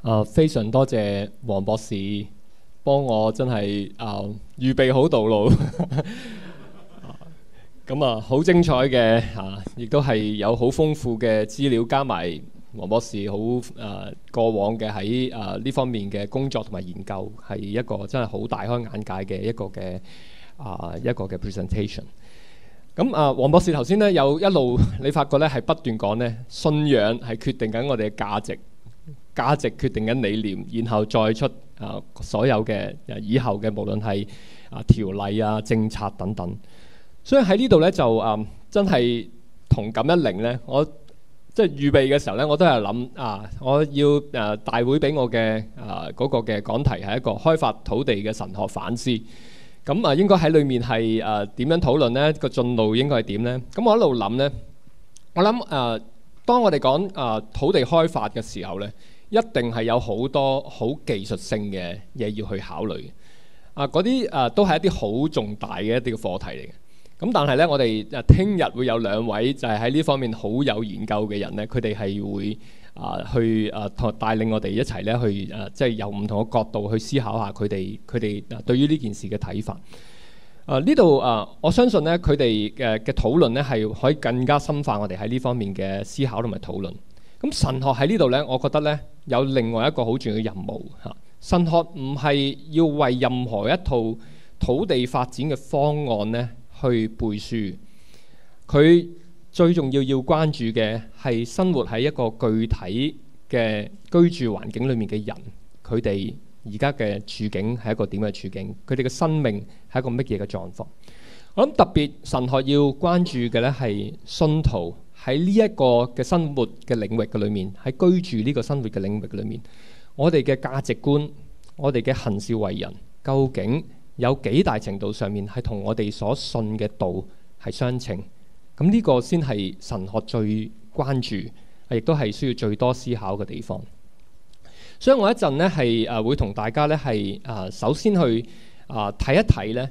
啊、uh,，非常多謝王博士幫我真係啊預備好道路，咁啊好精彩嘅啊，uh, 亦都係有好豐富嘅資料，加埋王博士好啊、uh, 過往嘅喺啊呢方面嘅工作同埋研究，係一個真係好大開眼界嘅一個嘅啊、uh, 一個嘅 presentation。咁啊，王、uh, 博士頭先咧有一路你發覺咧係不斷講咧信仰係決定緊我哋嘅價值。價值決定緊理念，然後再出所有的以後的是條例啊，所有嘅以後嘅，無論係啊條例啊政策等等。所以喺呢度呢，就啊、嗯，真係同感一靈呢。我即係預備嘅時候呢，我都係諗啊，我要誒、啊、大會俾我嘅嗰、啊那個嘅講題係一個開發土地嘅神學反思。咁啊，應該喺裏面係誒點樣討論咧？個進路應該係點呢？咁我一路諗呢，我諗誒、啊，當我哋講啊土地開發嘅時候呢。一定係有好多好技術性嘅嘢要去考慮嘅，啊嗰啲啊都係一啲好重大嘅一啲嘅課題嚟嘅。咁但係咧，我哋啊聽日會有兩位就係喺呢方面好有研究嘅人咧，佢哋係會啊去啊帶領我哋一齊咧去啊即係、就是、由唔同嘅角度去思考下佢哋佢哋對於呢件事嘅睇法。啊呢度啊我相信咧佢哋嘅嘅討論咧係可以更加深化我哋喺呢方面嘅思考同埋討論。咁神學喺呢度呢，我覺得呢，有另外一個好重要嘅任務嚇。神學唔係要為任何一套土地發展嘅方案呢去背書，佢最重要要關注嘅係生活喺一個具體嘅居住環境裡面嘅人，佢哋而家嘅處境係一個點嘅處境，佢哋嘅生命係一個乜嘢嘅狀況。我諗特別神學要關注嘅呢係信徒。喺呢一個嘅生活嘅領域嘅裏面，喺居住呢個生活嘅領域裏面，我哋嘅價值觀，我哋嘅行事為人，究竟有幾大程度上面係同我哋所信嘅道係相稱？咁呢個先係神學最關注，亦都係需要最多思考嘅地方。所以我一陣呢係誒會同大家呢係誒首先去啊睇、呃、一睇呢。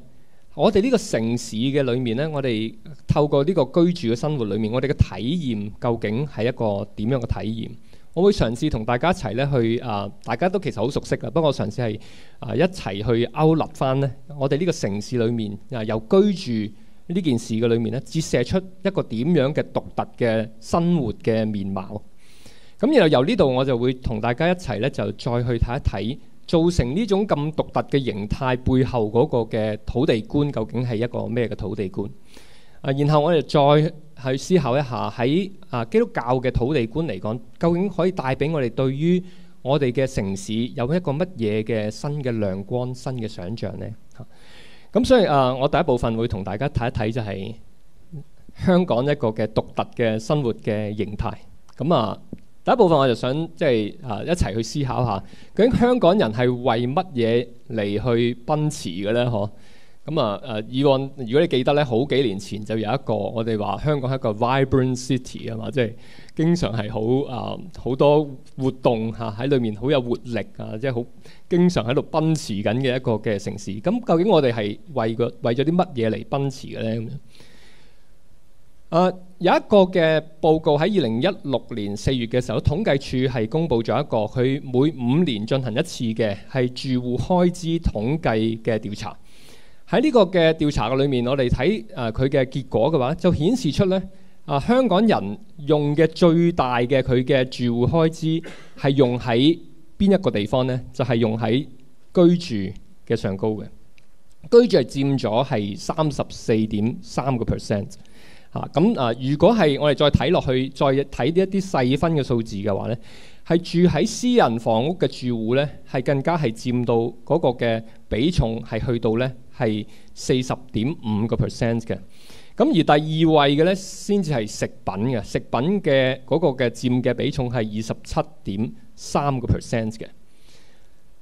我哋呢個城市嘅裏面呢，我哋透過呢個居住嘅生活裏面，我哋嘅體驗究竟係一個點樣嘅體驗？我會嘗試同大家一齊呢去啊，大家都其實好熟悉㗎，不過我嘗試係啊一齊去勾勒翻呢，我哋呢個城市裏面啊由居住呢件事嘅裏面呢，折射出一個點樣嘅獨特嘅生活嘅面貌。咁然後由呢度我就會同大家一齊呢，就再去睇一睇。造成呢種咁獨特嘅形態背後嗰個嘅土地觀究竟係一個咩嘅土地觀？啊，然後我哋再去思考一下喺啊基督教嘅土地觀嚟講，究竟可以帶俾我哋對於我哋嘅城市有一個乜嘢嘅新嘅亮光、新嘅想像呢？咁所以啊，我第一部分會同大家睇一睇就係香港一個嘅獨特嘅生活嘅形態。咁啊～第一部分我就想即係、就是、啊一齊去思考一下，究竟香港人係為乜嘢嚟去奔馳嘅咧？嗬、啊，咁啊誒，以往如果你記得咧，好幾年前就有一個我哋話香港係一個 vibrant city 啊嘛，即係經常係好啊好多活動嚇喺裏面好有活力啊，即係好經常喺度奔馳緊嘅一個嘅城市。咁、啊、究竟我哋係為個為咗啲乜嘢嚟奔馳嘅咧？咁啊。有一個嘅報告喺二零一六年四月嘅時候，統計處係公布咗一個佢每五年進行一次嘅係住戶開支統計嘅調查。喺呢個嘅調查嘅裏面，我哋睇誒佢嘅結果嘅話，就顯示出咧啊，香港人用嘅最大嘅佢嘅住戶開支係用喺邊一個地方呢？就係用喺居住嘅上高嘅，居住係佔咗係三十四點三個 percent。嚇，咁啊！如果係我哋再睇落去，再睇一啲細分嘅數字嘅話咧，係住喺私人房屋嘅住戶咧，係更加係佔到嗰個嘅比重係去到咧係四十點五個 percent 嘅。咁而第二位嘅咧先至係食品嘅，食品嘅嗰個嘅佔嘅比重係二十七點三個 percent 嘅。誒呢、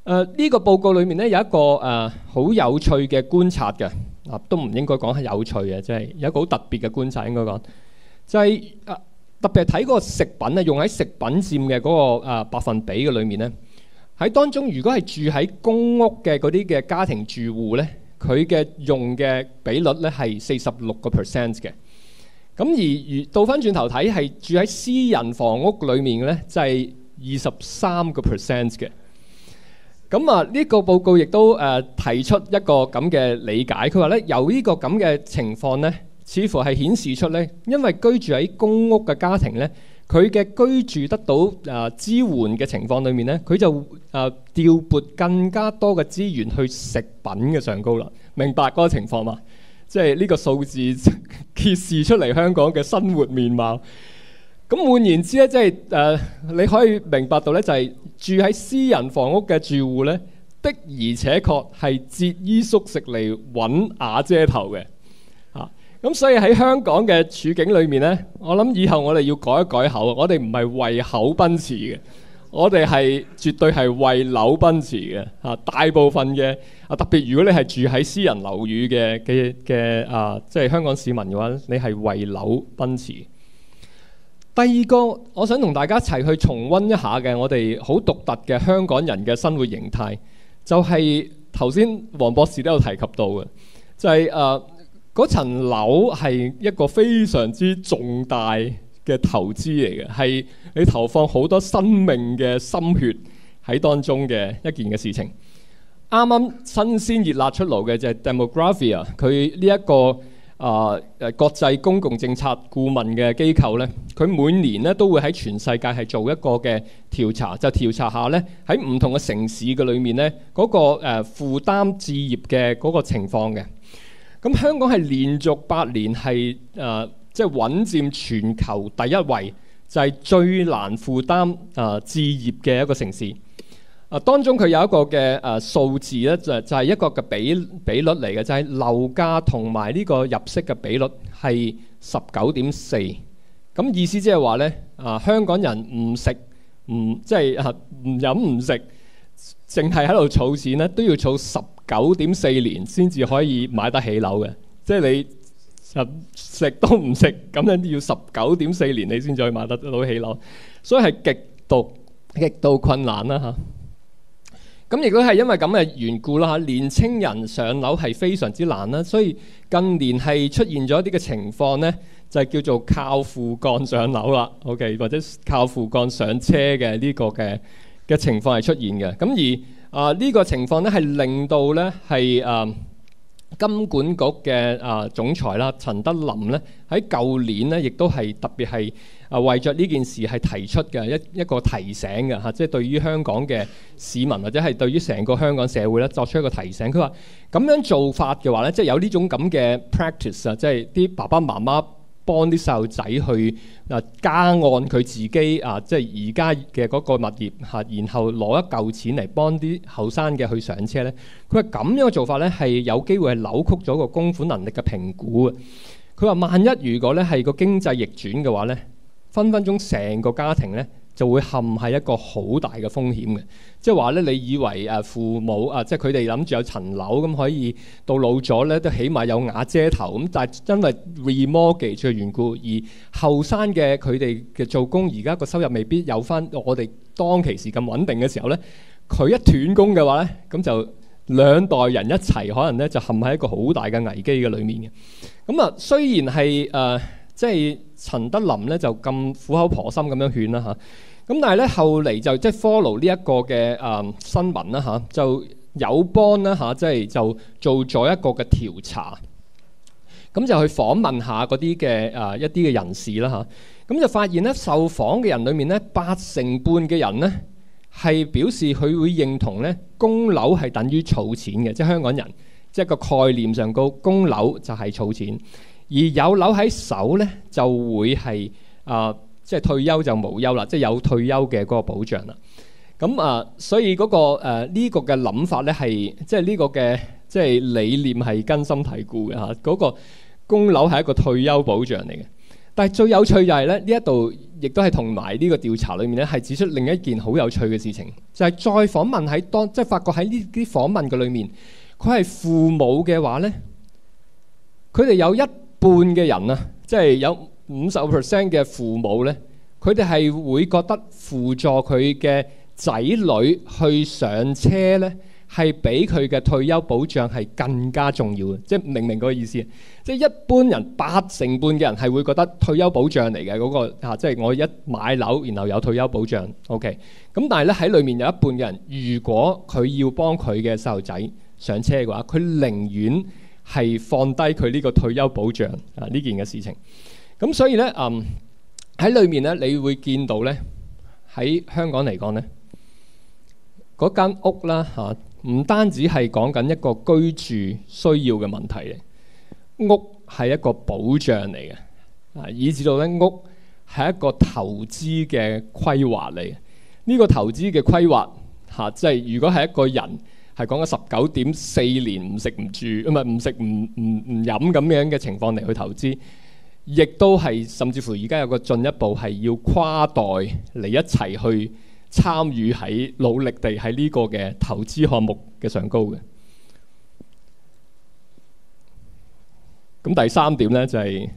呃這個報告裏面咧有一個誒好、呃、有趣嘅觀察嘅。嗱，都唔應該講係有趣嘅，即係有一個好特別嘅觀察，應該講就係啊，特別係睇個食品咧，用喺食品佔嘅嗰個啊百分比嘅裡面咧，喺當中如果係住喺公屋嘅嗰啲嘅家庭住戶咧，佢嘅用嘅比率咧係四十六個 percent 嘅，咁而而倒翻轉頭睇係住喺私人房屋裡面嘅咧，就係二十三個 percent 嘅。咁啊，呢、呢個報告亦都誒、呃、提出一個咁嘅理解，佢話咧有呢由呢個咁嘅情況咧，似乎係顯示出咧，因為居住喺公屋嘅家庭咧，佢嘅居住得到啊、呃、支援嘅情況裏面咧，佢就啊調、呃、撥更加多嘅資源去食品嘅上高啦。明白嗰個情況嘛？即係呢個數字呵呵揭示出嚟香港嘅生活面貌。咁換言之咧，即係、呃、你可以明白到咧，就係、是、住喺私人房屋嘅住戶咧，的而且確係節衣縮食嚟揾瓦遮頭嘅咁、啊、所以喺香港嘅處境裏面咧，我諗以後我哋要改一改口，我哋唔係為口奔馳嘅，我哋係絕對係為樓奔馳嘅、啊、大部分嘅啊，特別如果你係住喺私人樓宇嘅嘅嘅啊，即、就、係、是、香港市民嘅話，你係為樓奔馳。第二個，我想同大家一齊去重温一下嘅，我哋好獨特嘅香港人嘅生活形態，就係頭先王博士都有提及到嘅，就係誒嗰層樓係一個非常之重大嘅投資嚟嘅，係你投放好多生命嘅心血喺當中嘅一件嘅事情。啱啱新鮮熱辣出爐嘅就係 Demographia 啊，佢呢一個。啊、呃！誒國際公共政策顧問嘅機構咧，佢每年咧都會喺全世界係做一個嘅調查，就調查下咧喺唔同嘅城市嘅裏面咧，嗰、那個誒、呃、負擔置業嘅嗰個情況嘅。咁香港係連續八年係誒即係穩佔全球第一位，就係、是、最難負擔誒、呃、置業嘅一個城市。啊，當中佢有一個嘅誒、啊、數字咧，就就是、係一個嘅比比率嚟嘅，就係、是、樓價同埋呢個入息嘅比率係十九點四。咁意思即係話咧，啊香港人唔食唔即係唔飲唔食，淨係喺度儲錢咧，都要儲十九點四年先至可以買得起樓嘅。即、就、係、是、你飲食都唔食咁樣，要十九點四年你先至可以買得到起樓，所以係極度極度困難啦、啊、嚇。咁如果係因為咁嘅緣故啦嚇，年青人上樓係非常之難啦，所以近年係出現咗一啲嘅情況咧，就係叫做靠父幹上樓啦，OK，或者靠父幹上車嘅呢個嘅嘅情況係出現嘅。咁而啊呢、呃這個情況咧係令到咧係、呃、金管局嘅啊、呃、總裁啦陳德霖咧喺舊年咧亦都係特別係。啊，為著呢件事係提出嘅一一個提醒嘅嚇，即、啊、係、就是、對於香港嘅市民或者係對於成個香港社會咧作出一個提醒。佢話咁樣做法嘅話咧，即係有呢種咁嘅 practice 啊，即係啲爸爸媽媽幫啲細路仔去啊加按佢自己啊，即係而家嘅嗰個物業嚇、啊，然後攞一嚿錢嚟幫啲後生嘅去上車咧。佢話咁樣嘅做法咧係有機會係扭曲咗個供款能力嘅評估。佢話萬一如果咧係個經濟逆轉嘅話咧，分分鐘成個家庭咧就會陷喺一個好大嘅風險嘅，即係話咧，你以為父母啊，即係佢哋諗住有層樓咁可以到老咗咧，都起碼有瓦遮頭咁。但係因為 remortgage 嘅緣故，而後生嘅佢哋嘅做工，而家個收入未必有返我哋當其時咁穩定嘅時候咧，佢一斷工嘅話咧，咁就兩代人一齊可能咧就陷喺一個好大嘅危機嘅裏面嘅。咁啊，雖然係誒。呃即係陳德霖咧就咁苦口婆心咁樣勸啦嚇，咁但係咧後嚟就即係 follow 呢一個嘅誒新聞啦嚇，就友邦啦嚇，即係就做咗一個嘅調查，咁就去訪問一下嗰啲嘅誒一啲嘅人士啦嚇，咁就發現咧受訪嘅人裡面咧八成半嘅人咧係表示佢會認同咧供樓係等於儲錢嘅，即係香港人即係個概念上講供樓就係儲錢。而有樓喺手咧，就會係啊，即係退休就無憂啦，即係有退休嘅嗰個保障啦。咁啊，所以嗰個誒呢個嘅諗法咧，係即係呢個嘅即係理念係根深蒂固嘅嚇。嗰個供樓係一個退休保障嚟嘅。但係最有趣就係咧，呢一度亦都係同埋呢個調查裏面咧，係指出另一件好有趣嘅事情，就係再訪問喺當即係發覺喺呢啲訪問嘅裏面，佢係父母嘅話咧，佢哋有一半嘅人啊，即係有五十個 percent 嘅父母呢，佢哋係會覺得輔助佢嘅仔女去上車呢，係比佢嘅退休保障係更加重要嘅。即係明唔明嗰個意思？即係一般人八成半嘅人係會覺得退休保障嚟嘅嗰個嚇，即係我一買樓然後有退休保障。OK，咁但係呢，喺裡面有一半嘅人，如果佢要幫佢嘅細路仔上車嘅話，佢寧願。係放低佢呢個退休保障啊！呢件嘅事情，咁所以呢，嗯，喺裏面呢，你會見到呢，喺香港嚟講呢，嗰間屋啦嚇，唔單止係講緊一個居住需要嘅問題嚟，屋係一個保障嚟嘅，啊，以至到咧屋係一個投資嘅規劃嚟嘅，呢個投資嘅規劃嚇，即係如果係一個人，係講緊十九點四年唔食唔住，唔唔食唔唔唔飲咁樣嘅情況嚟去投資，亦都係甚至乎而家有個進一步係要跨代嚟一齊去參與喺努力地喺呢個嘅投資項目嘅上高嘅。咁第三點呢，就係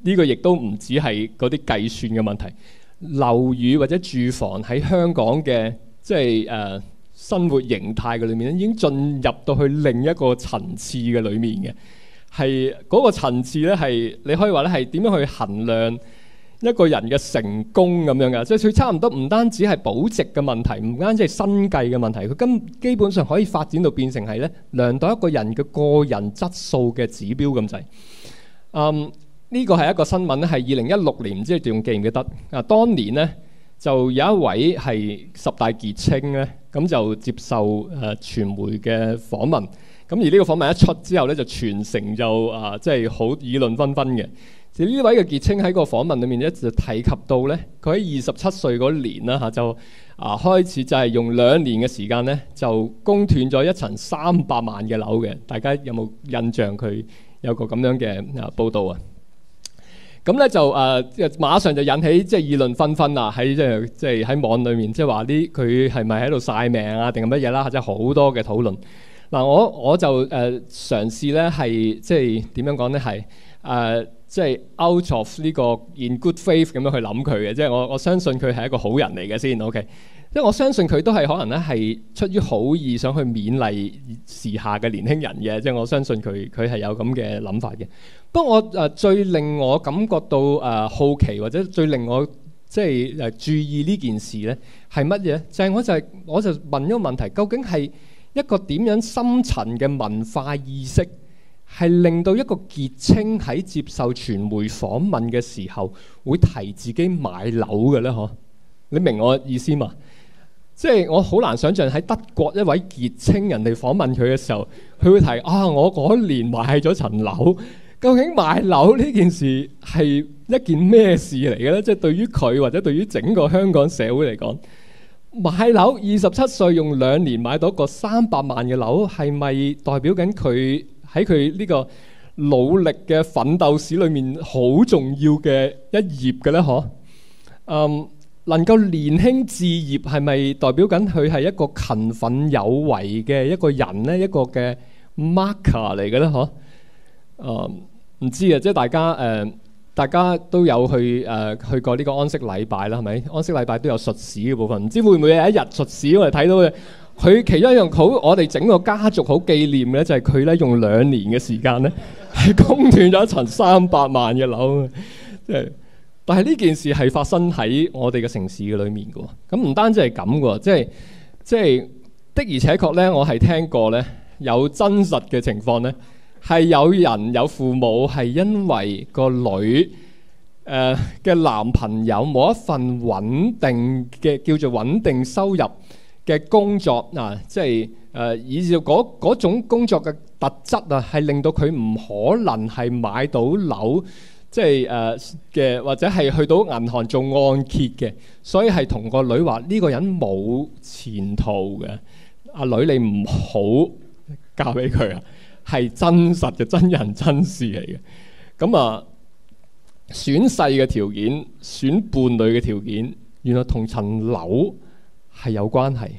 呢個亦都唔止係嗰啲計算嘅問題，樓宇或者住房喺香港嘅即係誒。呃生活形態嘅裏面咧，已經進入到去另一個層次嘅裏面嘅，係嗰個層次咧，係你可以話咧係點樣去衡量一個人嘅成功咁樣噶？即係佢差唔多唔單止係保值嘅問題，唔單止係生計嘅問題，佢今基本上可以發展到變成係咧量到一個人嘅個人質素嘅指標咁滯。嗯，呢個係一個新聞咧，係二零一六年，唔知你仲記唔記得，記得啊？當年咧就有一位係十大傑青咧。咁就接受誒、呃、傳媒嘅訪問，咁而呢個訪問一出之後咧，就全城就啊即係好議論紛紛嘅。至呢位嘅傑青喺個訪問裏面一直提及到咧，佢喺二十七歲嗰年啦、啊、就啊開始就係用兩年嘅時間咧，就供斷咗一層三百萬嘅樓嘅。大家有冇印象佢有個咁樣嘅啊報導啊？咁咧就誒，即、呃、係馬上就引起即係、就是、議論紛紛啦，喺即係即係喺網裏面即係話啲佢係咪喺度晒命啊，定係乜嘢啦？或者好多嘅討論。嗱、啊，我我就誒、呃、嘗試咧係即係點樣講咧係即係 out of 呢個 in good faith 咁樣去諗佢嘅，即、就、係、是、我我相信佢係一個好人嚟嘅先，OK？即係我相信佢都係可能咧，係出於好意想去勉勵時下嘅年輕人嘅。即係我相信佢佢係有咁嘅諗法嘅。不過我誒、呃、最令我感覺到誒、呃、好奇或者最令我即係誒、呃、注意呢件事咧係乜嘢？就係、是、我就係、是、我就問咗一個問題：究竟係一個點樣深層嘅文化意識係令到一個傑青喺接受傳媒訪問嘅時候會提自己買樓嘅咧？嗬，你明我意思嘛？即係我好難想像喺德國一位傑青人嚟訪問佢嘅時候，佢會提啊，我嗰年買咗層樓。究竟買樓呢件事係一件咩事嚟嘅咧？即係對於佢或者對於整個香港社會嚟講，買樓二十七歲用兩年買到一個三百萬嘅樓，係咪代表緊佢喺佢呢個努力嘅奮鬥史裡面好重要嘅一頁嘅咧？嗬。嗯。能夠年輕置業係咪代表緊佢係一個勤奮有為嘅一個人咧？一個嘅 marker 嚟嘅咧，呵、嗯？誒唔知啊，即係大家誒、呃，大家都有去誒、呃、去過呢個安息禮拜啦，係咪？安息禮拜都有述史嘅部分，唔知會唔會有一日述史我哋睇到嘅？佢其中一樣好，我哋整個家族好紀念嘅就係佢咧，用兩年嘅時間咧係供斷咗一層三百萬嘅樓，即係。但係呢件事係發生喺我哋嘅城市嘅裡面㗎喎，咁唔單止係咁㗎喎，即係即係的而且確咧，我係聽過咧有真實嘅情況咧，係有人有父母係因為個女誒嘅、呃、男朋友冇一份穩定嘅叫做穩定收入嘅工作嗱，即係誒以至嗰種工作嘅特質啊，係令到佢唔可能係買到樓。即係誒嘅，或者係去到銀行做按揭嘅，所以係同個女話呢個人冇前途嘅。阿女你唔好嫁俾佢啊，係真實嘅真人真事嚟嘅。咁啊，選婿嘅條件，選伴侶嘅條件，原來同層樓係有關係。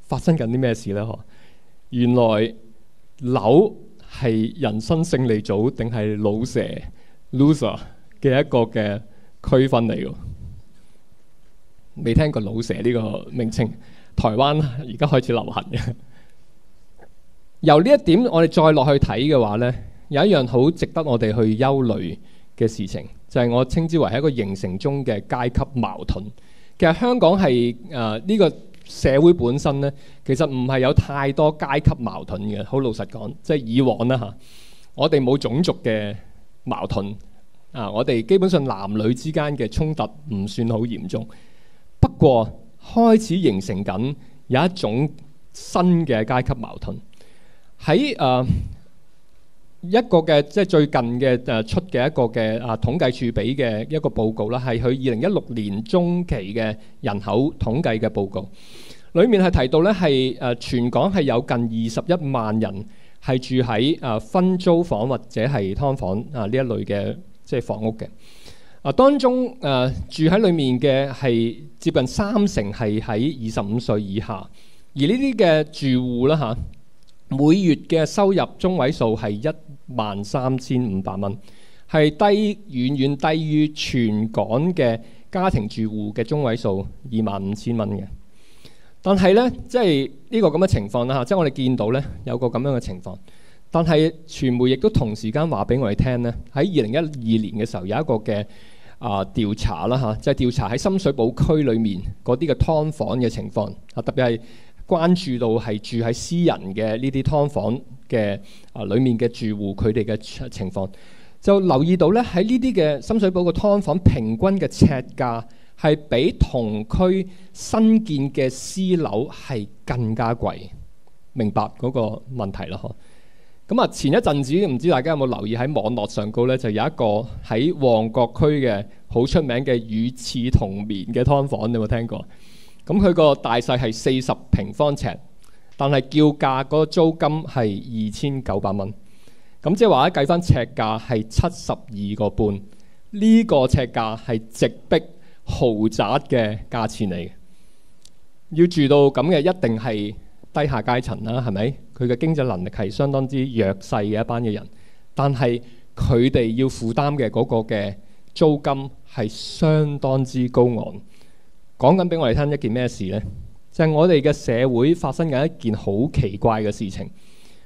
發生緊啲咩事咧？呵，原來樓係人生勝利組定係老蛇。loser 嘅一個嘅區分嚟嘅，未聽過老蛇呢個名稱，台灣而家開始流行嘅。由呢一點我哋再落去睇嘅話呢，有一樣好值得我哋去憂慮嘅事情，就係我稱之為係一個形成中嘅階級矛盾。其實香港係誒呢個社會本身呢，其實唔係有太多階級矛盾嘅。好老實講，即係以往啦嚇，我哋冇種族嘅矛盾啊！我哋基本上男女之間嘅衝突唔算好嚴重，不過開始形成緊有一種新嘅階級矛盾。喺誒、呃、一個嘅即係最近嘅誒出嘅一個嘅啊統計處俾嘅一個報告啦，係去二零一六年中期嘅人口統計嘅報告，裡面係提到咧係誒全港係有近二十一萬人。係住喺啊分租房或者係劏房啊呢一類嘅即係房屋嘅，啊當中誒住喺裡面嘅係接近三成係喺二十五歲以下，而呢啲嘅住戶啦嚇，每月嘅收入中位數係一萬三千五百蚊，係低遠遠低於全港嘅家庭住戶嘅中位數二萬五千蚊嘅。但係呢，即係呢個咁嘅情況啦吓，即係我哋見到呢，有個咁樣嘅情況。但係傳媒亦都同時間話俾我哋聽呢，喺二零一二年嘅時候有一個嘅啊調查啦吓，即係調查喺深水埗區裡面嗰啲嘅劏房嘅情況啊，特別係關注到係住喺私人嘅呢啲劏房嘅啊裡面嘅住戶佢哋嘅情況，就留意到呢，喺呢啲嘅深水埗嘅劏房平均嘅尺價。係比同區新建嘅私樓係更加貴，明白嗰個問題啦。咁啊，前一陣子唔知大家有冇留意喺網絡上高呢就有一個喺旺角區嘅好出名嘅與廁同眠嘅劏房，你有冇聽過？咁佢個大細係四十平方尺，但係叫價嗰租金係二千九百蚊。咁即係話咧，計翻尺價係七十二個半。呢個尺價係直逼。豪宅嘅價錢嚟，要住到咁嘅一定係低下階層啦、啊，係咪？佢嘅經濟能力係相當之弱勢嘅一班嘅人，但係佢哋要負擔嘅嗰個嘅租金係相當之高昂。講緊俾我哋聽一件咩事呢？就係、是、我哋嘅社會發生緊一件好奇怪嘅事情。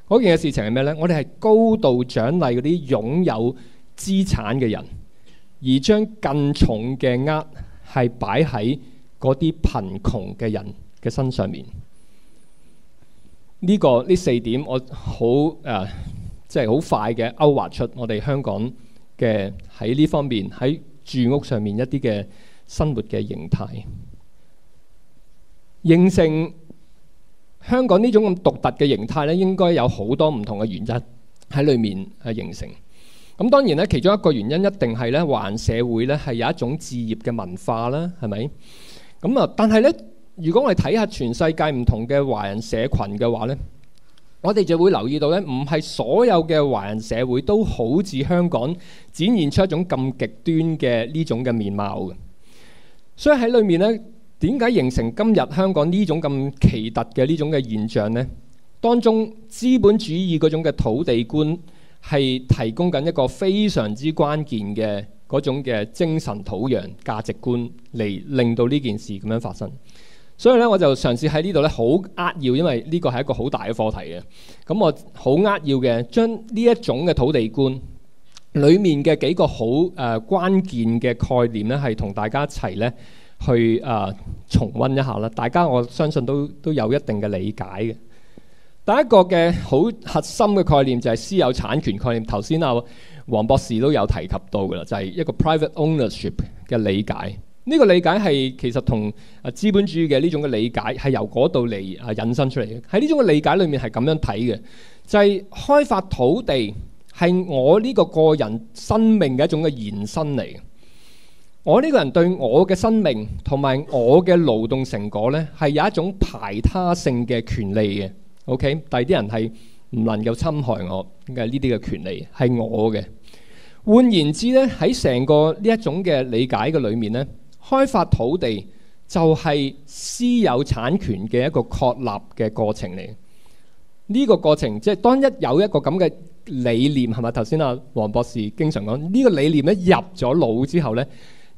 嗰件嘅事情係咩呢？我哋係高度獎勵嗰啲擁有資產嘅人，而將更重嘅呃。係擺喺嗰啲貧窮嘅人嘅身上面、這個。呢個呢四點我好誒，即係好快嘅勾畫出我哋香港嘅喺呢方面喺住屋上面一啲嘅生活嘅形態。形成香港呢種咁獨特嘅形態咧，應該有好多唔同嘅原因喺裏面去形成。咁當然咧，其中一個原因一定係咧，華人社會咧係有一種置業嘅文化啦，係咪？咁啊，但係咧，如果我哋睇下全世界唔同嘅華人社群嘅話咧，我哋就會留意到咧，唔係所有嘅華人社會都好似香港展現出一種咁極端嘅呢種嘅面貌嘅。所以喺裏面咧，點解形成今日香港呢種咁奇特嘅呢種嘅現象咧？當中資本主義嗰種嘅土地觀。係提供緊一個非常之關鍵嘅嗰種嘅精神土壤價值觀，嚟令到呢件事咁樣發生，所以咧我就嘗試喺呢度咧好扼要，因為呢個係一個好大嘅課題嘅。咁我好扼要嘅將呢一種嘅土地觀裡面嘅幾個好誒關鍵嘅概念咧，係同大家一齊咧去誒重溫一下啦。大家我相信都都有一定嘅理解嘅。第一個嘅好核心嘅概念就係私有產權概念。頭先啊，黃博士都有提及到噶啦，就係一個 private ownership 嘅理解。呢個理解係其實同啊資本主義嘅呢種嘅理解係由嗰度嚟啊引申出嚟嘅。喺呢種嘅理解裡面係咁樣睇嘅，就係開發土地係我呢個個人生命嘅一種嘅延伸嚟。我呢個人對我嘅生命同埋我嘅勞動成果呢，係有一種排他性嘅權利嘅。OK，第二啲人係唔能夠侵害我，咁嘅呢啲嘅權利係我嘅。換言之咧，喺成個呢一種嘅理解嘅裏面咧，開發土地就係私有產權嘅一個確立嘅過程嚟。呢個過程即係當一有一個咁嘅理念係咪？頭先阿黃博士經常講呢個理念一入咗腦之後咧，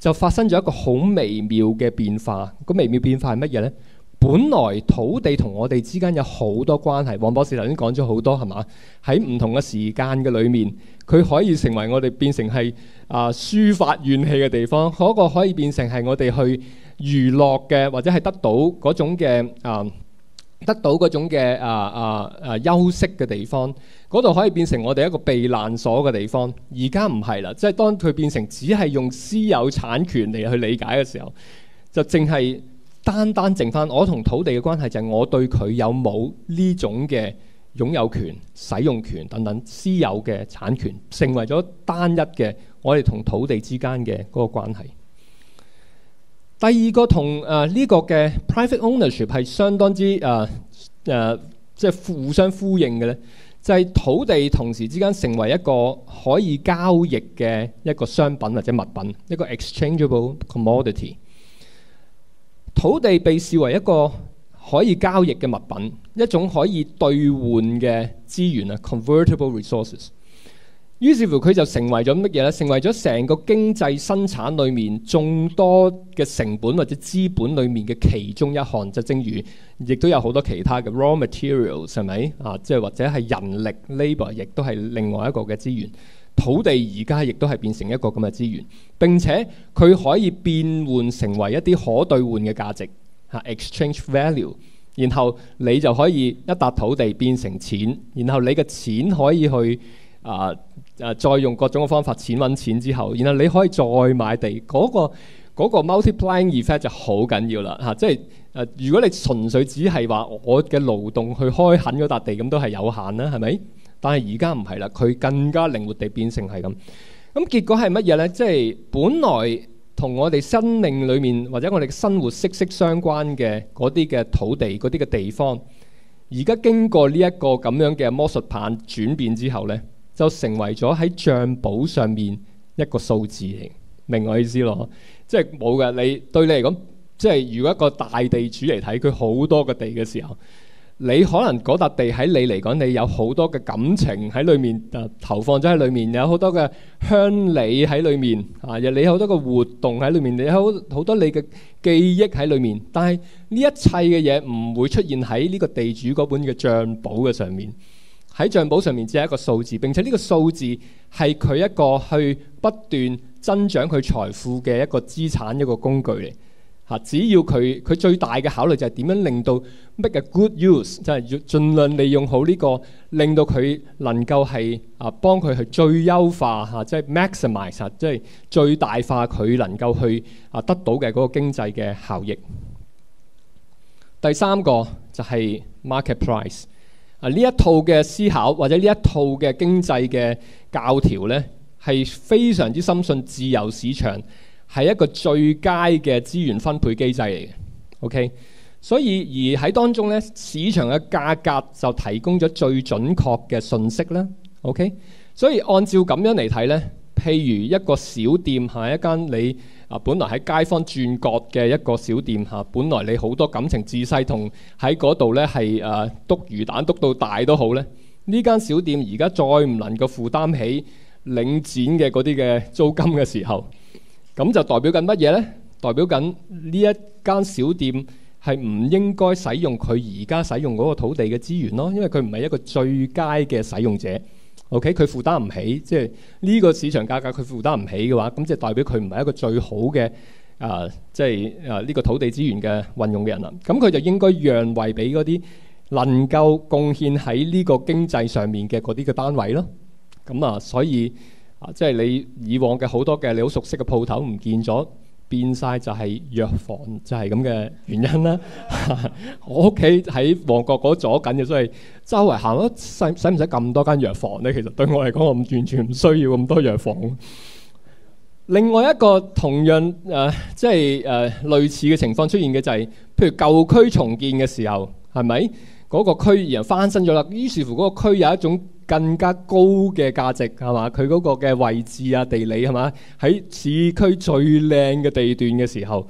就發生咗一個好微妙嘅變化。個微妙變化係乜嘢咧？本來土地同我哋之間有好多關係，王博士頭先講咗好多係嘛？喺唔同嘅時間嘅裏面，佢可以成為我哋變成係啊、呃、抒發怨氣嘅地方，嗰個可以變成係我哋去娛樂嘅，或者係得到嗰種嘅啊得到嗰種嘅啊啊啊休息嘅地方，嗰度可以變成我哋一個避難所嘅地方。而家唔係啦，即係當佢變成只係用私有產權嚟去理解嘅時候，就淨係，單單剩返我同土地嘅關係，就係我對佢有冇呢種嘅擁有權、使用權等等私有嘅產權，成為咗單一嘅我哋同土地之間嘅嗰個關係。第二個同誒呢個嘅 private ownership 係相當之誒誒，即、呃、係、呃就係、互相呼應嘅咧，就係、是、土地同時之間成為一個可以交易嘅一個商品或者物品，一個 exchangeable commodity。土地被視為一個可以交易嘅物品，一種可以兌換嘅資源啊。Convertible resources，於是乎佢就成為咗乜嘢咧？成為咗成個經濟生產裏面眾多嘅成本或者資本裏面嘅其中一項。就正如亦都有好多其他嘅 raw materials 係咪啊？即係或者係人力 labor，亦都係另外一個嘅資源。土地而家亦都係變成一個咁嘅資源，並且佢可以變換成為一啲可兌換嘅價值，exchange value。然後你就可以一笪土地變成錢，然後你嘅錢可以去啊,啊再用各種嘅方法錢搵錢之後，然後你可以再買地。嗰、嗰個嗰個 multiplying effect 就好緊要啦、吓，即係、誒、如果你純粹只係話我嘅勞動去開墾嗰笪地，咁都係有限啦，係咪？但係而家唔係啦，佢更加靈活地變成係咁。咁結果係乜嘢呢？即係本來同我哋生命裏面或者我哋生活息息相關嘅嗰啲嘅土地、嗰啲嘅地方，而家經過呢一個咁樣嘅魔術棒轉變之後呢，就成為咗喺帳簿上面一個數字嚟。明我意思咯？即係冇嘅，你對你嚟講，即係如果一個大地主嚟睇佢好多個地嘅時候。你可能嗰笪地喺你嚟講，你有好多嘅感情喺裏面，投放咗喺裏面，有好多嘅鄉里喺裏面，啊，你有好多嘅活動喺裏面，你有好多你嘅記憶喺裏面。但係呢一切嘅嘢唔會出現喺呢個地主嗰本嘅帳簿嘅上面，喺帳簿上面只係一個數字，並且呢個數字係佢一個去不斷增長佢財富嘅一個資產一個工具嚟。嚇！只要佢佢最大嘅考慮就係點樣令到 make a good use，即係要盡量利用好呢個，令到佢能夠係啊幫佢去最優化嚇，即、啊、係、就是、maximize 即、啊、係、就是、最大化佢能夠去啊得到嘅嗰個經濟嘅效益。第三個就係 market price 啊！呢一套嘅思考或者呢一套嘅經濟嘅教條呢，係非常之深信自由市場。係一個最佳嘅資源分配機制嚟嘅，OK。所以而喺當中呢，市場嘅價格就提供咗最準確嘅信息啦。OK。所以按照咁樣嚟睇呢，譬如一個小店，下一間你啊，本來喺街坊轉角嘅一個小店嚇、啊，本來你好多感情自細同喺嗰度呢係誒篤魚蛋篤到大都好呢。呢間小店而家再唔能夠負擔起領展嘅嗰啲嘅租金嘅時候，咁就代表緊乜嘢呢？代表緊呢一間小店係唔應該使用佢而家使用嗰個土地嘅資源咯，因為佢唔係一個最佳嘅使用者。OK，佢負擔唔起，即係呢個市場價格佢負擔唔起嘅話，咁即係代表佢唔係一個最好嘅啊、呃，即係啊呢個土地資源嘅運用嘅人啦。咁佢就應該讓位俾嗰啲能夠貢獻喺呢個經濟上面嘅嗰啲嘅單位咯。咁啊，所以。啊！即係你以往嘅好多嘅你好熟悉嘅鋪頭唔見咗，變晒就係藥房就係咁嘅原因啦。 我屋企喺旺角嗰左近嘅，所以周圍行都使使唔使咁多間藥房咧？其實對我嚟講，我完全唔需要咁多藥房。另外一個同樣誒、呃，即係誒、呃、類似嘅情況出現嘅就係、係，譬如舊區重建嘅時候，係咪嗰個區人翻新咗啦？於是乎嗰個區有一種。更加高嘅價值係嘛？佢嗰個嘅位置啊、地理係嘛？喺市區最靚嘅地段嘅時候，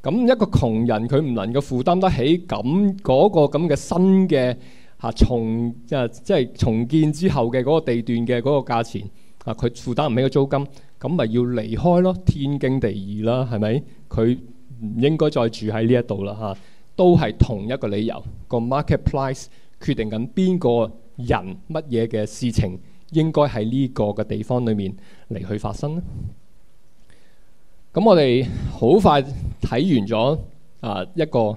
咁一個窮人佢唔能夠負擔得起咁嗰、嗰個咁嘅新嘅嚇、啊、重啊，即係重建之後嘅嗰個地段嘅嗰個價錢啊，佢負擔唔起個租金，咁咪要離開咯，天經地義啦，係咪？佢唔應該再住喺呢一度啦，嚇、啊，都係同一個理由。個 market price 決定緊邊個。人乜嘢嘅事情應該喺呢個嘅地方裏面嚟去發生呢？咁我哋好快睇完咗啊一個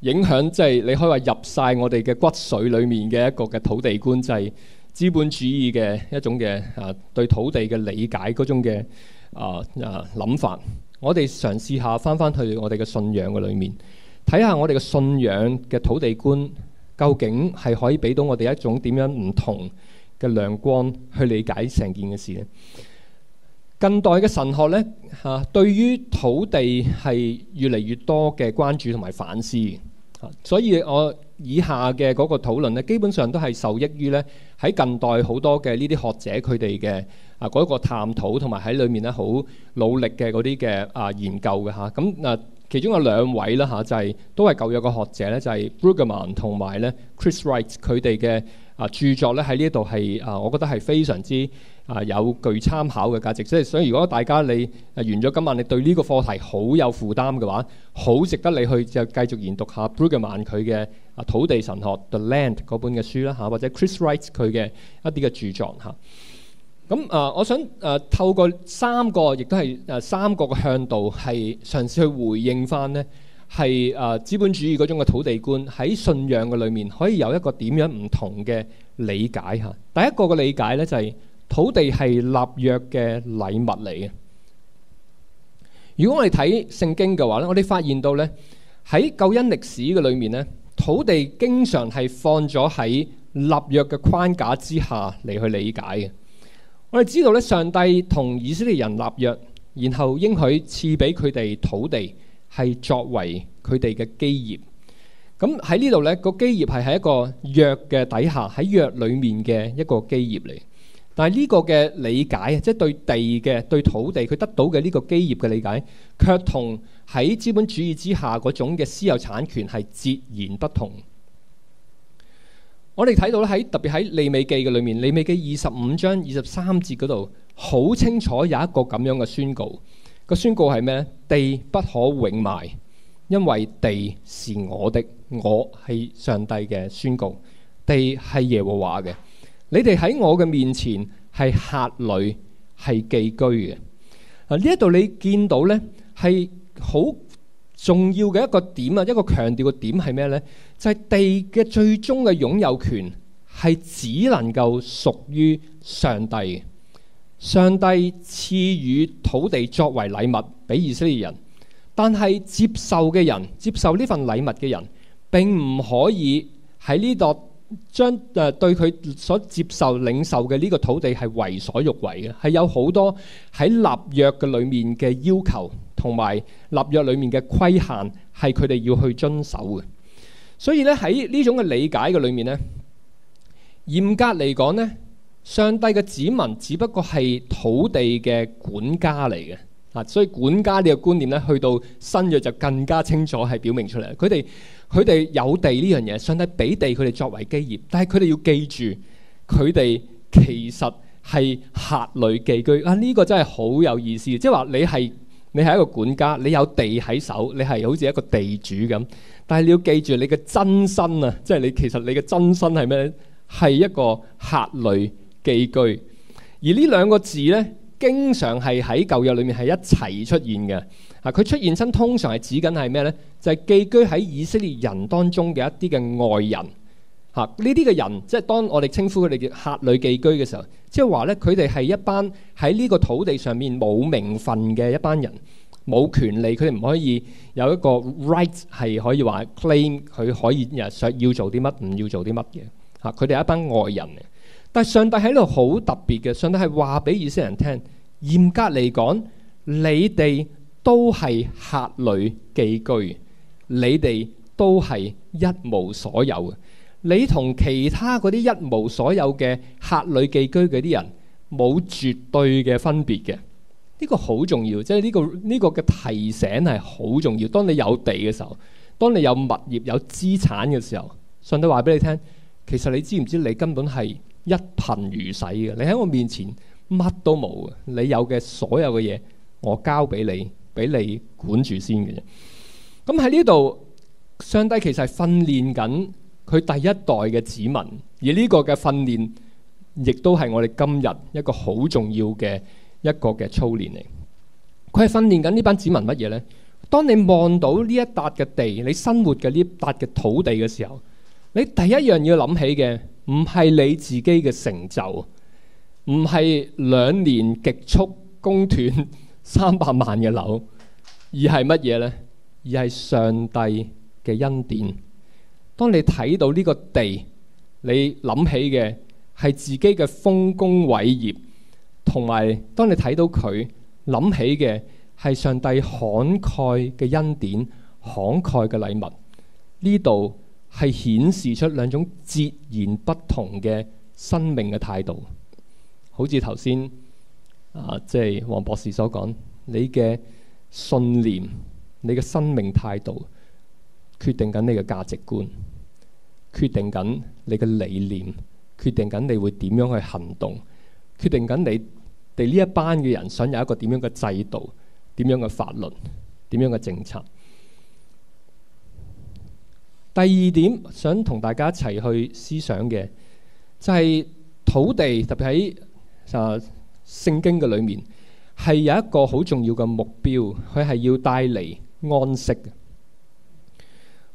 影響，即係你可以話入晒我哋嘅骨髓裏面嘅一個嘅土地觀，就係資本主義嘅一種嘅啊對土地嘅理解嗰種嘅啊啊諗法。我哋嘗試下翻翻去我哋嘅信仰嘅裏面，睇下我哋嘅信仰嘅土地觀。究竟係可以俾到我哋一種點樣唔同嘅亮光去理解成件嘅事呢？近代嘅神學呢吓，對於土地係越嚟越多嘅關注同埋反思吓，所以我以下嘅嗰個討論呢，基本上都係受益於呢喺近代好多嘅呢啲學者佢哋嘅啊嗰個探討同埋喺裏面呢好努力嘅嗰啲嘅啊研究嘅吓，咁啊。其中有兩位啦吓、啊，就係、是、都係舊約嘅學者咧，就係、是、Brugerman 同埋咧 Chris Wright 佢哋嘅啊著作咧喺呢一度係啊，我覺得係非常之啊有具參考嘅價值。即係，所以如果大家你、啊、完咗今晚，你對呢個課題好有負擔嘅話，好值得你去就繼續研讀下 Brugerman 佢嘅啊土地神學 The Land 嗰本嘅書啦嚇、啊，或者 Chris Wright 佢嘅一啲嘅著作嚇。啊咁啊、呃，我想啊、呃，透過三個，亦都係啊、呃、三個嘅向度，係嘗試去回應返呢，係啊、呃、資本主義嗰種嘅土地觀喺信仰嘅裏面可以有一個點樣唔同嘅理解吓。第一個嘅理解呢，就係、是、土地係立約嘅禮物嚟嘅。如果我哋睇聖經嘅話呢，我哋發現到呢，喺救恩歷史嘅裏面呢，土地經常係放咗喺立約嘅框架之下嚟去理解嘅。我哋知道咧，上帝同以色列人立約，然後應許賜俾佢哋土地，係作為佢哋嘅基業。咁喺呢度，呢個基業係喺一個約嘅底下，喺約裏面嘅一個基業嚟。但係呢個嘅理解，即係、就是、對地嘅、對土地佢得到嘅呢個基業嘅理解，卻同喺資本主義之下嗰種嘅私有產權係截然不同。我哋睇到咧，喺特別喺利未記嘅裡面，利未記二十五章二十三節嗰度，好清楚有一個咁樣嘅宣告。個宣告係咩？地不可永賣，因為地是我的，我係上帝嘅宣告。地係耶和華嘅，你哋喺我嘅面前係客旅，係寄居嘅。啊，呢一度你見到呢係好。重要嘅一個點啊，一個強調嘅點係咩呢？就係、是、地嘅最終嘅擁有權係只能夠屬於上帝。上帝賜予土地作為禮物俾以色列人，但係接受嘅人、接受呢份禮物嘅人，並唔可以喺呢度將誒對佢所接受領受嘅呢個土地係為所欲為嘅，係有好多喺立約嘅裡面嘅要求。同埋立約裏面嘅規限係佢哋要去遵守嘅，所以咧喺呢種嘅理解嘅裏面呢，嚴格嚟講呢，上帝嘅子民只不過係土地嘅管家嚟嘅啊。所以管家呢個觀念呢，去到新約就更加清楚係表明出嚟。佢哋佢哋有地呢樣嘢，上帝俾地佢哋作為基業，但係佢哋要記住，佢哋其實係客旅寄居啊。呢個真係好有意思，即係話你係。你係一個管家，你有地喺手，你係好似一個地主咁。但係你要記住你嘅真身啊，即係你其實你嘅真身係咩呢？係一個客旅寄居。而呢兩個字呢，經常係喺舊約裏面係一齊出現嘅。啊，佢出現身通常係指緊係咩呢？就係、是、寄居喺以色列人當中嘅一啲嘅外人。嚇、啊！呢啲嘅人，即係當我哋稱呼佢哋叫客旅寄居嘅時候，即係話呢，佢哋係一班喺呢個土地上面冇名分嘅一班人，冇權利，佢哋唔可以有一個 right 係可以話 claim 佢可以想要做啲乜，唔要做啲乜嘢。嚇、啊。佢哋係一班外人嘅。但係上帝喺度好特別嘅，上帝係話俾以色列人聽，嚴格嚟講，你哋都係客旅寄居，你哋都係一無所有嘅。你同其他嗰啲一無所有嘅客旅寄居嗰啲人冇絕對嘅分別嘅，呢個好重要，即係呢個呢個嘅提醒係好重要。當你有地嘅時候，當你有物業有資產嘅時候，上帝話俾你聽，其實你知唔知你根本係一貧如洗嘅？你喺我面前乜都冇嘅，你有嘅所有嘅嘢，我交俾你，俾你管住先嘅。咁喺呢度，上帝其實係訓練緊。佢第一代嘅子民，而呢個嘅訓練，亦都係我哋今日一個好重要嘅一個嘅操練嚟。佢係訓練緊呢班子民乜嘢呢？當你望到呢一笪嘅地，你生活嘅呢笪嘅土地嘅時候，你第一樣要諗起嘅，唔係你自己嘅成就，唔係兩年極速供斷三百萬嘅樓，而係乜嘢呢？而係上帝嘅恩典。當你睇到呢個地，你諗起嘅係自己嘅豐功偉業，同埋當你睇到佢，諗起嘅係上帝慷慨嘅恩典、慷慨嘅禮物。呢度係顯示出兩種截然不同嘅生命嘅態度。好似頭先啊，即係王博士所講，你嘅信念、你嘅生命態度。決定緊你嘅價值觀，決定緊你嘅理念，決定緊你會點樣去行動，決定緊你哋呢一班嘅人想有一個點樣嘅制度、點樣嘅法律、點樣嘅政策。第二點想同大家一齊去思想嘅，就係土地特別喺啊聖經嘅裏面係有一個好重要嘅目標，佢係要帶嚟安息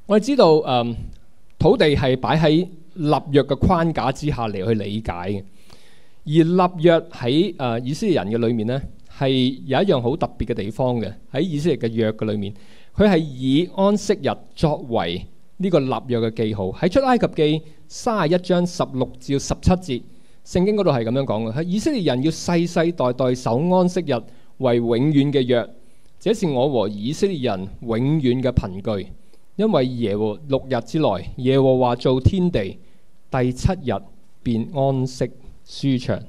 我哋知道，嗯，土地係擺喺立約嘅框架之下嚟去理解嘅。而立約喺啊以色列人嘅裏面呢，係有一樣好特別嘅地方嘅。喺以色列嘅約嘅裏面，佢係以安息日作為呢個立約嘅記號。喺出埃及記三十一章十六至十七節聖經嗰度係咁樣講嘅。係以色列人要世世代代守安息日為永遠嘅約，這是我和以色列人永遠嘅憑據。因為耶和六日之內，耶和華做天地，第七日便安息舒暢。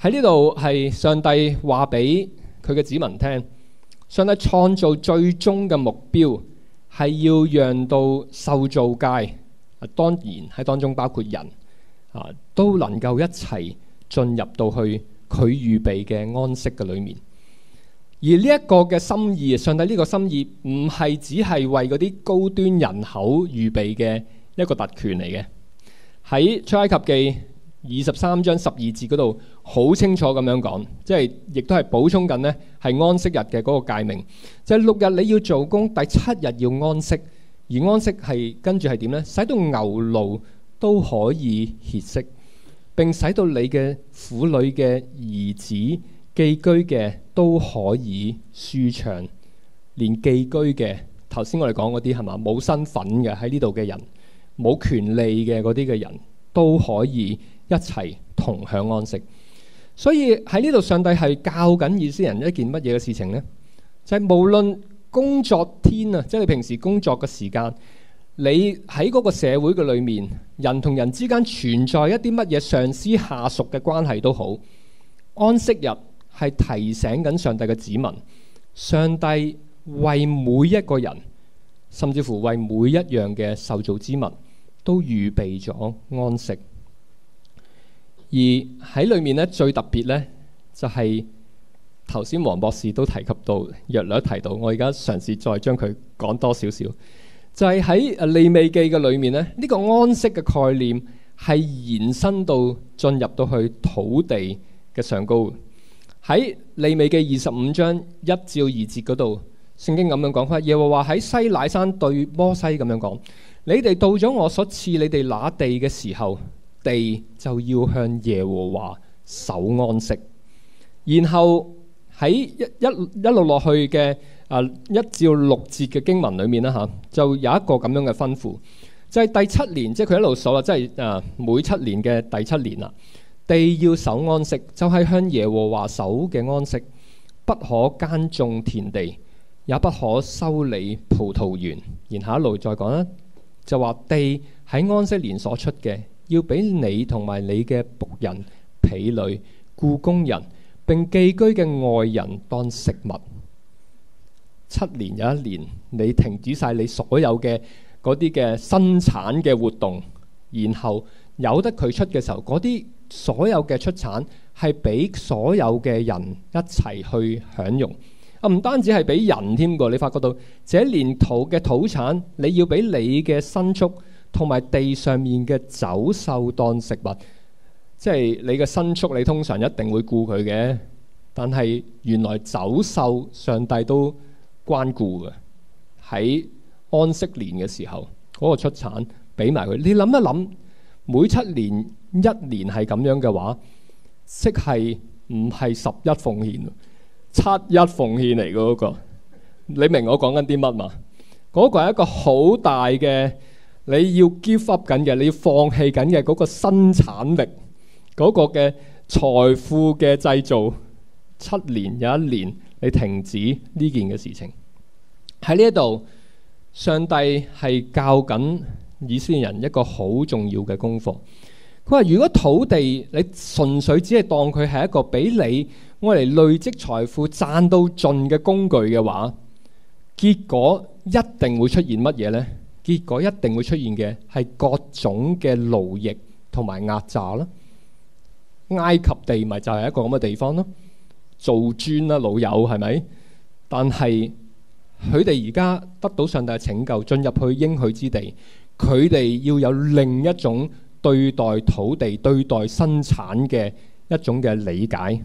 喺呢度係上帝話俾佢嘅子民聽，上帝創造最終嘅目標係要讓到受造界啊，當然喺當中包括人啊，都能夠一齊進入到去佢預備嘅安息嘅裏面。而呢一個嘅心意，上帝呢個心意唔係只係為嗰啲高端人口預備嘅一個特權嚟嘅。喺出埃及記二十三章十二節嗰度，好清楚咁樣講，即係亦都係補充緊呢係安息日嘅嗰個誡命，就係六日你要做工，第七日要安息，而安息係跟住係點呢？使到牛驢都可以歇息，並使到你嘅婦女嘅兒子。寄居嘅都可以舒暢，連寄居嘅頭先我哋講嗰啲係嘛冇身份嘅喺呢度嘅人，冇權利嘅嗰啲嘅人都可以一齊同享安息。所以喺呢度，上帝係教緊以色列人一件乜嘢嘅事情呢？就係無論工作天啊，即係你平時工作嘅時間，你喺嗰個社會嘅裏面，人同人之間存在一啲乜嘢上司下屬嘅關係都好，安息日。係提醒緊上帝嘅子民，上帝為每一個人，甚至乎為每一樣嘅受造之物，都預備咗安息。而喺裏面咧，最特別咧就係頭先，王博士都提及到，若略提到，我而家嘗試再將佢講多少少，就係、是、喺利未記嘅裏面咧，呢、這個安息嘅概念係延伸到進入到去土地嘅上高。喺利未記二十五章一至二節嗰度，聖經咁樣講翻，耶和華喺西乃山對摩西咁樣講：你哋到咗我所賜你哋那地嘅時候，地就要向耶和華守安息。然後喺一一一路落去嘅啊一至六節嘅經文裏面啦吓，就有一個咁樣嘅吩咐，就係、是、第七年，即係佢一路數啦，即、就、係、是、每七年嘅第七年啦。地要守安息，就係、是、向耶和華守嘅安息，不可耕種田地，也不可修理葡萄園。然後一路再講啦，就話地喺安息年所出嘅，要俾你同埋你嘅僕人、婢女、僱工人，並寄居嘅外人當食物。七年有一年，你停止晒你所有嘅嗰啲嘅生產嘅活動，然後由得佢出嘅時候，嗰啲。所有嘅出產係俾所有嘅人一齊去享用，啊，唔單止係俾人添㗎，你發覺到這年土嘅土產，你要俾你嘅牲畜同埋地上面嘅走獸當食物，即係你嘅牲畜，你通常一定會顧佢嘅，但係原來走獸上帝都關顧嘅，喺安息年嘅時候，嗰個出產俾埋佢。你諗一諗，每七年。一年係咁樣嘅話，即係唔係十一奉獻，七一奉獻嚟嘅嗰個。你明我講緊啲乜嘛？嗰個係一個好大嘅你要 give up 緊嘅，你要放棄緊嘅嗰個生產力，嗰個嘅財富嘅製造，七年有一年你停止呢件嘅事情。喺呢一度，上帝係教緊以色列人一個好重要嘅功課。佢話：如果土地你純粹只係當佢係一個俾你用嚟累積財富賺到盡嘅工具嘅話，結果一定會出現乜嘢呢？結果一定會出現嘅係各種嘅奴役同埋壓榨啦。埃及地咪就係一個咁嘅地方咯，做磚啦，老友係咪？但係佢哋而家得到上帝嘅拯救，進入去應許之地，佢哋要有另一種。對待土地、對待生產嘅一種嘅理解，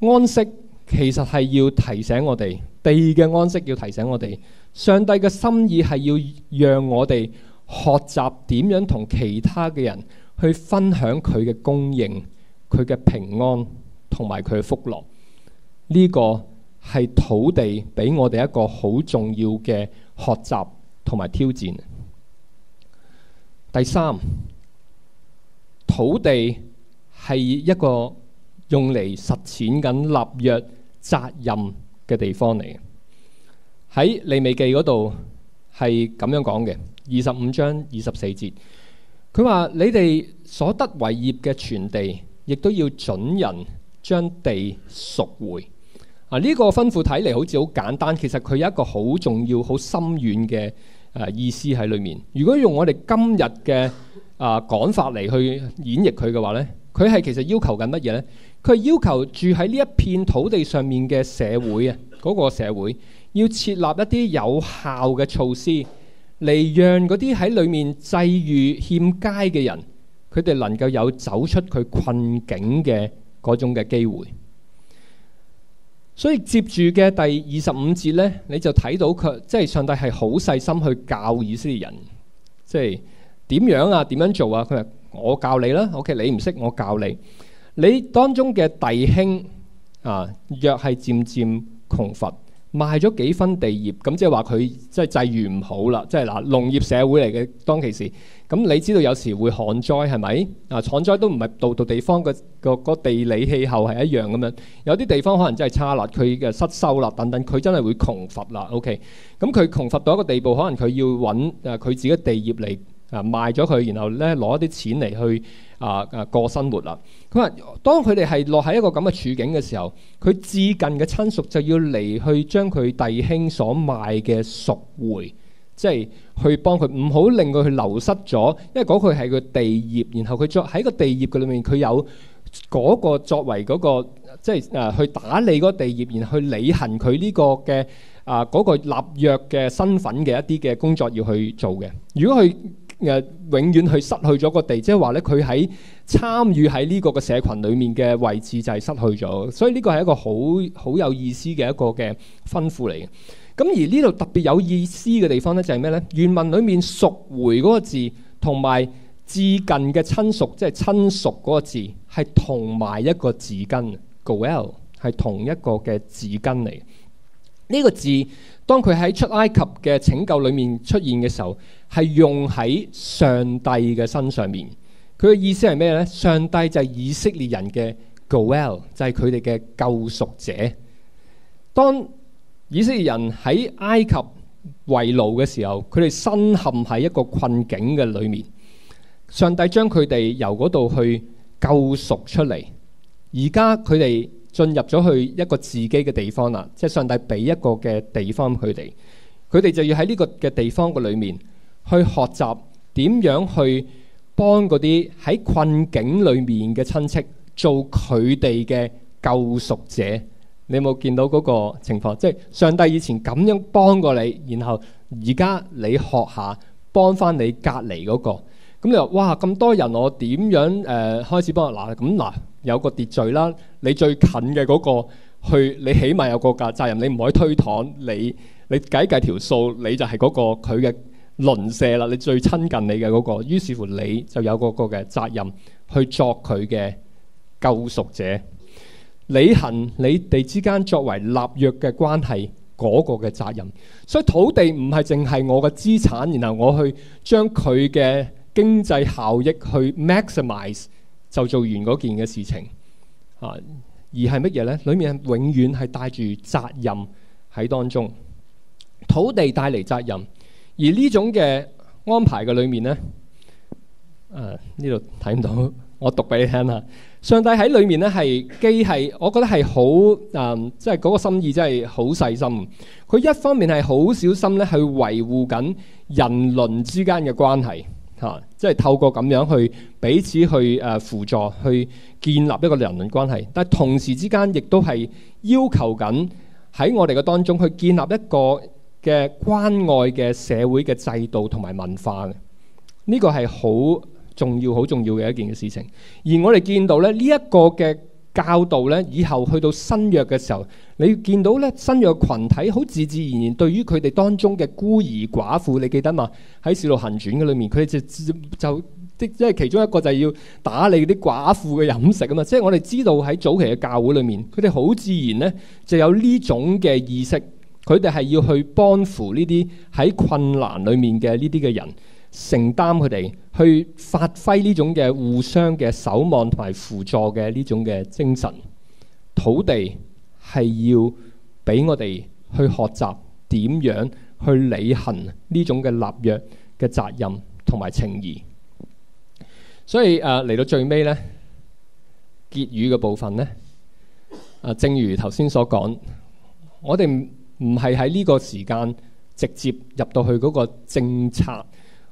安息其實係要提醒我哋地嘅安息，要提醒我哋上帝嘅心意係要讓我哋學習點樣同其他嘅人去分享佢嘅供應、佢嘅平安同埋佢嘅福樂。呢個係土地俾我哋一個好重要嘅學習同埋挑戰。第三，土地係一個用嚟實踐緊立約責任嘅地方嚟嘅。喺利未記嗰度係咁樣講嘅，二十五章二十四節，佢話：你哋所得為業嘅全地，亦都要準人將地贖回。啊，呢個吩咐睇嚟好似好簡單，其實佢有一個好重要、好深遠嘅。誒、啊、意思喺裏面。如果用我哋今日嘅啊講法嚟去演繹佢嘅話呢，佢係其實要求緊乜嘢呢？佢係要求住喺呢一片土地上面嘅社會啊，嗰、嗰個社會要設立一啲有效嘅措施，嚟讓嗰啲喺裏面際遇欠佳嘅人，佢哋能夠有走出佢困境嘅嗰種嘅機會。所以接住嘅第二十五節咧，你就睇到佢即係上帝係好細心去教以色列人，即係點樣啊？點樣做啊？佢話我教你啦，OK？你唔識我教你。你當中嘅弟兄啊，若係漸漸窮乏，賣咗幾分地業，咁即係話佢即係際遇唔好啦，即係嗱，農業社會嚟嘅當其時，咁你知道有時會旱災係咪？啊，旱災都唔係度度地方嘅個個地理氣候係一樣咁樣，有啲地方可能真係差啦，佢嘅失收啦、等等，佢真係會窮乏啦。OK，咁佢窮乏到一個地步，可能佢要揾誒佢自己嘅地業嚟。啊，賣咗佢，然後咧攞一啲錢嚟去啊啊過生活啦。咁啊，當佢哋係落喺一個咁嘅處境嘅時候，佢至近嘅親屬就要嚟去將佢弟兄所賣嘅贖回，即係去幫佢，唔好令佢去流失咗，因為嗰個係個地業，然後佢作喺個地業嘅裏面，佢有嗰個作為嗰個即係啊去打理嗰地業，然後去履行佢呢個嘅啊嗰個立約嘅身份嘅一啲嘅工作要去做嘅。如果佢嘅永遠去失去咗個地，即係話咧，佢喺參與喺呢個嘅社群裡面嘅位置就係失去咗，所以呢個係一個好好有意思嘅一個嘅吩咐嚟嘅。咁而呢度特別有意思嘅地方咧就係咩呢？原文裏面贖回嗰個字同埋至近嘅親屬，即係親屬嗰個字係同埋一個字根，goel 係同一個嘅字根嚟。呢個字當佢喺出埃及嘅拯救裡面出現嘅時候，係用喺上帝嘅身上面。佢嘅意思係咩呢？上帝就係以色列人嘅 Goel 就係佢哋嘅救贖者。當以色列人喺埃及為奴嘅時候，佢哋身陷喺一個困境嘅裏面。上帝將佢哋由嗰度去救贖出嚟。而家佢哋進入咗去一個自己嘅地方啦，即係上帝俾一個嘅地方佢哋。佢哋就要喺呢個嘅地方嘅裏面。去學習點樣去幫嗰啲喺困境裡面嘅親戚，做佢哋嘅救贖者。你有冇見到嗰個情況？即係上帝以前咁樣幫過你，然後而家你學下幫翻你隔離嗰個咁。你話哇，咁多人我，我點樣誒開始幫？嗱，咁嗱，有個秩序啦。你最近嘅嗰個去，你起碼有個架責任，你唔可以推搪你。你計一計條數，你就係嗰個佢嘅，輪射啦！你最親近你嘅嗰個，於是乎你就有嗰個嘅責任去作佢嘅救贖者，履行你哋之間作為立約嘅關係嗰個嘅責任。所以土地唔係淨係我嘅資產，然後我去將佢嘅經濟效益去 maximize 就做完嗰件嘅事情啊！而係乜嘢呢？裡面永遠係帶住責任喺當中，土地帶嚟責任。而呢種嘅安排嘅裏面呢，誒呢度睇唔到，我讀俾你聽啦。上帝喺裏面呢，係基係，我覺得係好誒，即係嗰個心意真係好細心。佢一方面係好小心咧去維護緊人倫之間嘅關係，嚇，即係透過咁樣去彼此去誒輔助，去建立一個人倫關係。但係同時之間亦都係要求緊喺我哋嘅當中去建立一個。嘅關愛嘅社會嘅制度同埋文化嘅，呢個係好重要、好重要嘅一件嘅事情。而我哋見到咧，呢一個嘅教導呢，以後去到新約嘅時候，你見到呢，新約群體好自自然然對於佢哋當中嘅孤兒寡婦，你記得嘛？喺《小路行傳》嘅裏面，佢哋就就即係其中一個就係要打理啲寡婦嘅飲食啊嘛。即係我哋知道喺早期嘅教會裏面，佢哋好自然呢就有呢種嘅意識。佢哋係要去幫扶呢啲喺困難裡面嘅呢啲嘅人，承擔佢哋去發揮呢種嘅互相嘅守望同埋輔助嘅呢種嘅精神。土地係要俾我哋去學習點樣去履行呢種嘅立約嘅責任同埋情義。所以誒、啊、嚟到最尾呢，結語嘅部分呢，啊、正如頭先所講，我哋唔係喺呢個時間直接入到去嗰個政策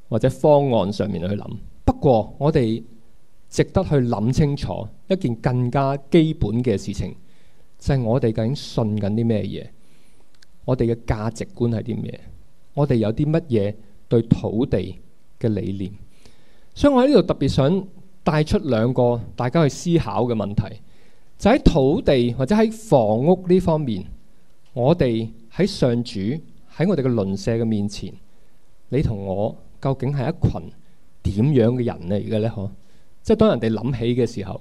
或者方案上面去諗。不過我哋值得去諗清楚一件更加基本嘅事情，就係我哋究竟信緊啲咩嘢？我哋嘅價值觀係啲咩？我哋有啲乜嘢對土地嘅理念？所以我喺呢度特別想帶出兩個大家去思考嘅問題，就喺土地或者喺房屋呢方面。我哋喺上主喺我哋嘅鄰舍嘅面前，你同我究竟係一群點樣嘅人嚟嘅呢？嗬、啊，即係當人哋諗起嘅時候，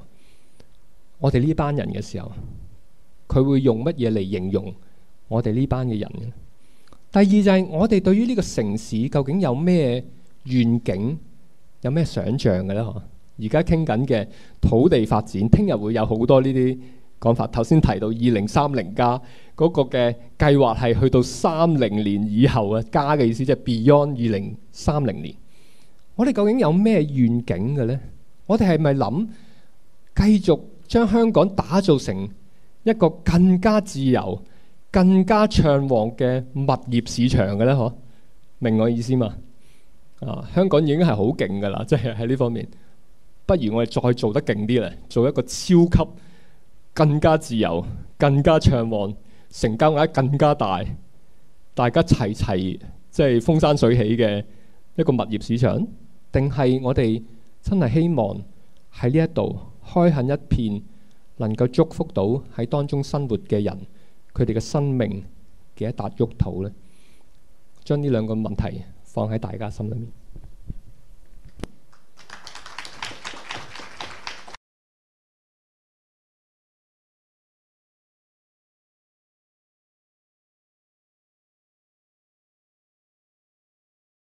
我哋呢班人嘅時候，佢會用乜嘢嚟形容我哋呢班嘅人？第二就係我哋對於呢個城市究竟有咩願景，有咩想象嘅呢？嗬、啊，而家傾緊嘅土地發展，聽日會有好多呢啲。講法頭先提到二零三零加嗰個嘅計劃，係去到三零年以後啊，加嘅意思即係 beyond 二零三零年。我哋究竟有咩願景嘅呢？我哋係咪諗繼續將香港打造成一個更加自由、更加暢旺嘅物業市場嘅呢？嗬，明我意思嘛？啊，香港已經係好勁噶啦，即係喺呢方面，不如我哋再做得勁啲咧，做一個超級～更加自由、更加暢旺，成交額更加大，大家齊齊即係、就是、風生水起嘅一個物業市場，定係我哋真係希望喺呢一度開墾一片，能夠祝福到喺當中生活嘅人佢哋嘅生命嘅一笪沃土呢，將呢兩個問題放喺大家心裏面。